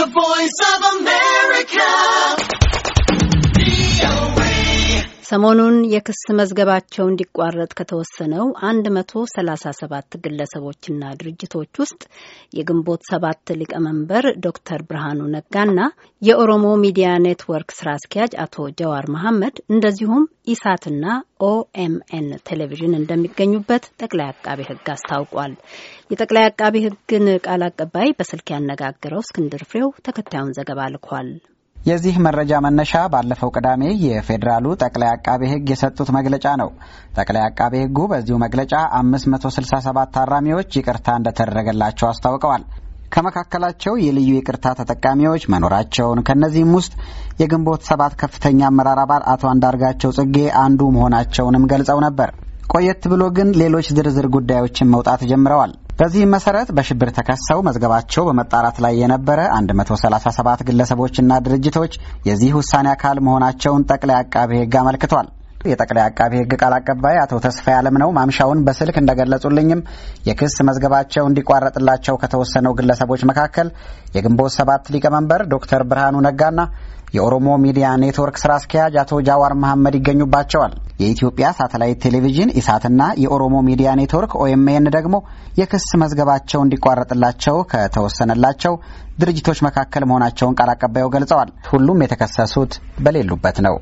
The Voice of man. ሰሞኑን የክስ መዝገባቸው እንዲቋረጥ ከተወሰነው 137 ግለሰቦችና ድርጅቶች ውስጥ የግንቦት ሰባት ሊቀመንበር ዶክተር ብርሃኑ ነጋና የኦሮሞ ሚዲያ ኔትወርክ ስራ አስኪያጅ አቶ ጀዋር መሐመድ እንደዚሁም ኢሳትና ኦኤምኤን ቴሌቪዥን እንደሚገኙበት ጠቅላይ አቃቤ ሕግ አስታውቋል። የጠቅላይ አቃቤ ሕግን ቃል አቀባይ በስልክ ያነጋግረው እስክንድር ፍሬው ተከታዩን ዘገባ ልኳል። የዚህ መረጃ መነሻ ባለፈው ቅዳሜ የፌዴራሉ ጠቅላይ አቃቤ ሕግ የሰጡት መግለጫ ነው። ጠቅላይ አቃቤ ሕጉ በዚሁ መግለጫ 567 ታራሚዎች ይቅርታ እንደተደረገላቸው አስታውቀዋል። ከመካከላቸው የልዩ ይቅርታ ተጠቃሚዎች መኖራቸውን ከእነዚህም ውስጥ የግንቦት ሰባት ከፍተኛ አመራር አባል አቶ አንዳርጋቸው ጽጌ አንዱ መሆናቸውንም ገልጸው ነበር። ቆየት ብሎ ግን ሌሎች ዝርዝር ጉዳዮችን መውጣት ጀምረዋል። በዚህም መሰረት በሽብር ተከሰው መዝገባቸው በመጣራት ላይ የነበረ 137 ግለሰቦችና ድርጅቶች የዚህ ውሳኔ አካል መሆናቸውን ጠቅላይ አቃቤ ሕግ አመልክቷል። የጠቅላይ አቃቤ ሕግ ቃል አቀባይ አቶ ተስፋ ያለም ነው ማምሻውን በስልክ እንደገለጹልኝም የክስ መዝገባቸው እንዲቋረጥላቸው ከተወሰነው ግለሰቦች መካከል የግንቦት ሰባት ሊቀመንበር ዶክተር ብርሃኑ ነጋና የኦሮሞ ሚዲያ ኔትወርክ ስራ አስኪያጅ አቶ ጃዋር መሐመድ ይገኙባቸዋል። የኢትዮጵያ ሳተላይት ቴሌቪዥን ኢሳትና የኦሮሞ ሚዲያ ኔትወርክ ኦኤምኤን ደግሞ የክስ መዝገባቸው እንዲቋረጥላቸው ከተወሰነላቸው ድርጅቶች መካከል መሆናቸውን ቃል አቀባዩ ገልጸዋል። ሁሉም የተከሰሱት በሌሉበት ነው።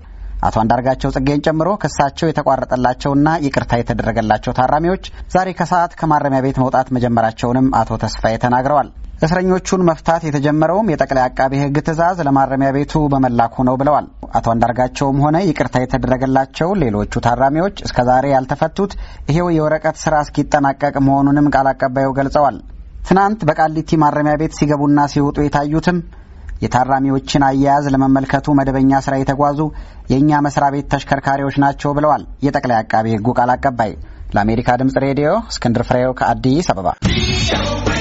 አቶ አንዳርጋቸው ጽጌን ጨምሮ ክሳቸው የተቋረጠላቸውና ይቅርታ የተደረገላቸው ታራሚዎች ዛሬ ከሰዓት ከማረሚያ ቤት መውጣት መጀመራቸውንም አቶ ተስፋዬ ተናግረዋል። እስረኞቹን መፍታት የተጀመረውም የጠቅላይ አቃቤ ሕግ ትዕዛዝ ለማረሚያ ቤቱ በመላኩ ነው ብለዋል። አቶ አንዳርጋቸውም ሆነ ይቅርታ የተደረገላቸው ሌሎቹ ታራሚዎች እስከዛሬ ያልተፈቱት ይሄው የወረቀት ስራ እስኪጠናቀቅ መሆኑንም ቃል አቀባዩ ገልጸዋል። ትናንት በቃሊቲ ማረሚያ ቤት ሲገቡና ሲወጡ የታዩትም የታራሚዎችን አያያዝ ለመመልከቱ መደበኛ ስራ የተጓዙ የእኛ መስሪያ ቤት ተሽከርካሪዎች ናቸው ብለዋል የጠቅላይ አቃቤ ሕጉ ቃል አቀባይ። ለአሜሪካ ድምጽ ሬዲዮ እስክንድር ፍሬው ከአዲስ አበባ